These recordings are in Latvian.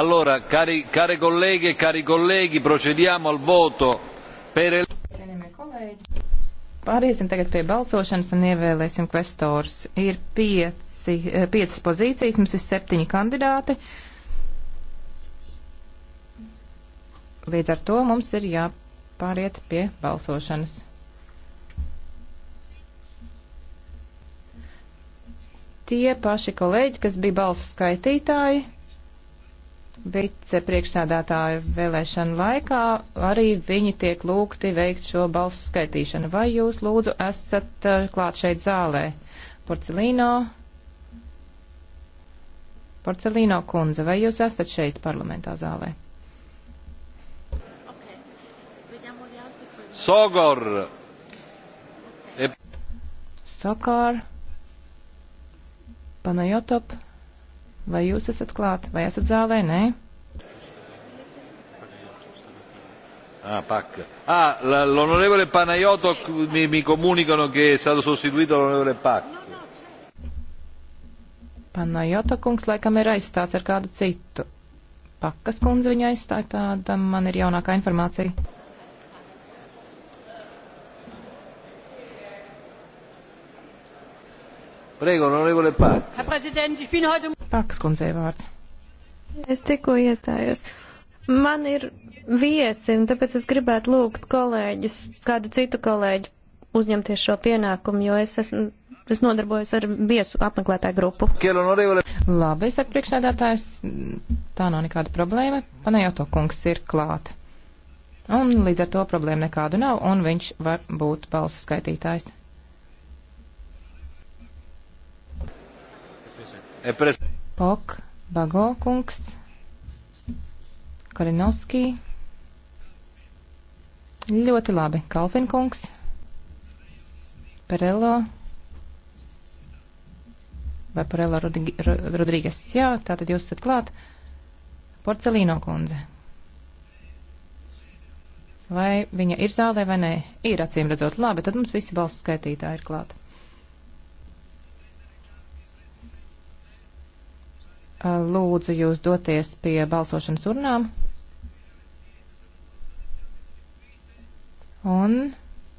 Allora, cari, care colleghe e cari colleghi, procediamo al voto per... Pāriesim tagad pie balsošanas un ievēlēsim kvestors. Ir pieci, eh, piecas pozīcijas, mums ir septiņi kandidāti. Līdz ar to mums ir jāpāriet pie balsošanas. tie paši kolēģi, kas bija balsu skaitītāji, vicepriekšsādātāju vēlēšanu laikā arī viņi tiek lūgti veikt šo balsu skaitīšanu. Vai jūs lūdzu esat uh, klāt šeit zālē? Porcelīno, Porcelīno kundze, vai jūs esat šeit parlamentā zālē? Sogor. Sokar. Panajotop. Vai jūs esat klāt? Vai esat zālē? Nē. Ah, PAC. Ah, l'onorevole Panayotov mi, mi comunicano che è stato sostituito l'onorevole PAC. Panayotov kungs laikam ir aizstāts ar kādu citu. Pakas kundze viņu aizstāja, tāda man ir jaunākā informācija. Pakas kundzei vārds. Es tikko iestājos. Man ir viesi, un tāpēc es gribētu lūgt kolēģus, kādu citu kolēģi uzņemties šo pienākumu, jo es esmu. Es nodarbojos ar viesu apmeklētāju grupu. Labi, saka priekšsēdētājs, tā nav nekāda problēma. Panajoto kungs ir klāt. Un līdz ar to problēma nekādu nav, un viņš var būt balsu skaitītājs. E, Pok, Bago kungs, Kalinovski. Ļoti labi. Kalfin kungs, Perello. Vai Perello Rodrīgas? Jā, tātad jūs esat klāt. Porcelīno kundze. Vai viņa ir zālē vai nē? Ir acīm redzot labi, tad mums visi balsu skaitītāji ir klāt. Uh, lūdzu jūs doties pie balsošanas urnām un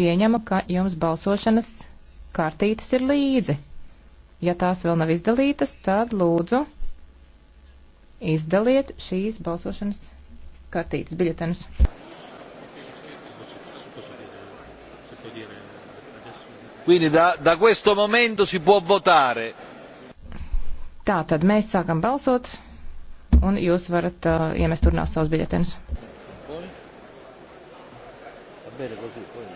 pieņemu, ka jums balsošanas kartītes ir līdzi. Ja tās vēl nav izdalītas, tad lūdzu izdaliet šīs balsošanas kartītes biļetenus. Quindi da, da questo momento si può votare. Tā tad mēs sākam balsot, un jūs varat uh, iemest turnās savus biļetenus. Poi? Va bene così, poi...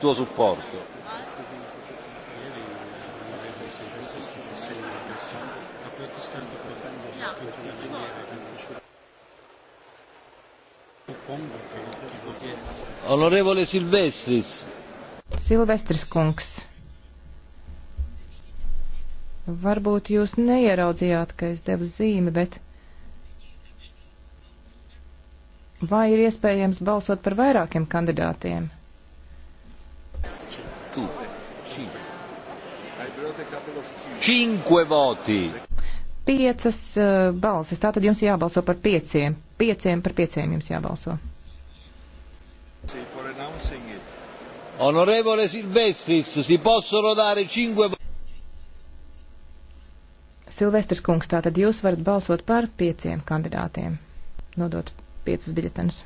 tuo supporto. Onorevole Silvestris. Silvestris kungs. Varbūt jūs neieraudzījāt, ka es devu zīmi, bet vai ir iespējams balsot par vairākiem kandidātiem? Cinque voti. Piecas uh, balsis. Tātad jums jābalso par pieciem. Pieciem par pieciem jums jābalso. Onorevole Silvestris, si possono dare cinque voti. Silvestris kungs, tātad jūs varat balsot par pieciem kandidātiem, nodot piecus biļetenus.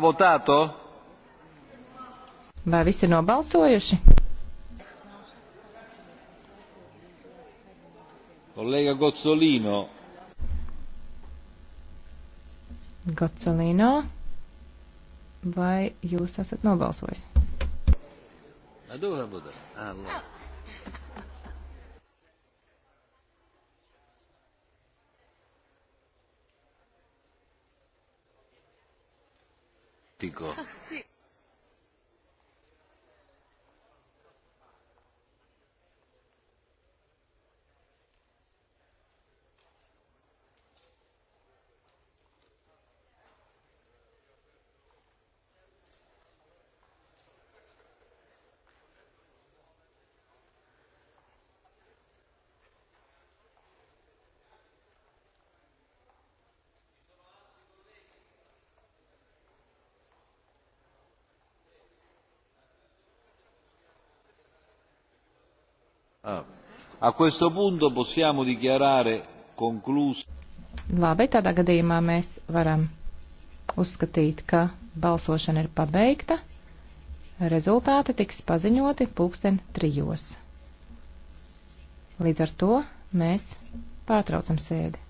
Votato. Vai visi ir nobalsojuši? Kolēģa Gocolino. Gocolino, vai jūs esat nobalsojis? Vai tu vari būt? Ah, no. Oh. fantástico. Sí. Ah. A questo punto possiamo dichiarare concluso. Labi, tādā gadījumā mēs varam uzskatīt, ka balsošana ir pabeigta. Rezultāti tiks paziņoti pulksten trijos. Līdz ar to mēs pārtraucam sēdi.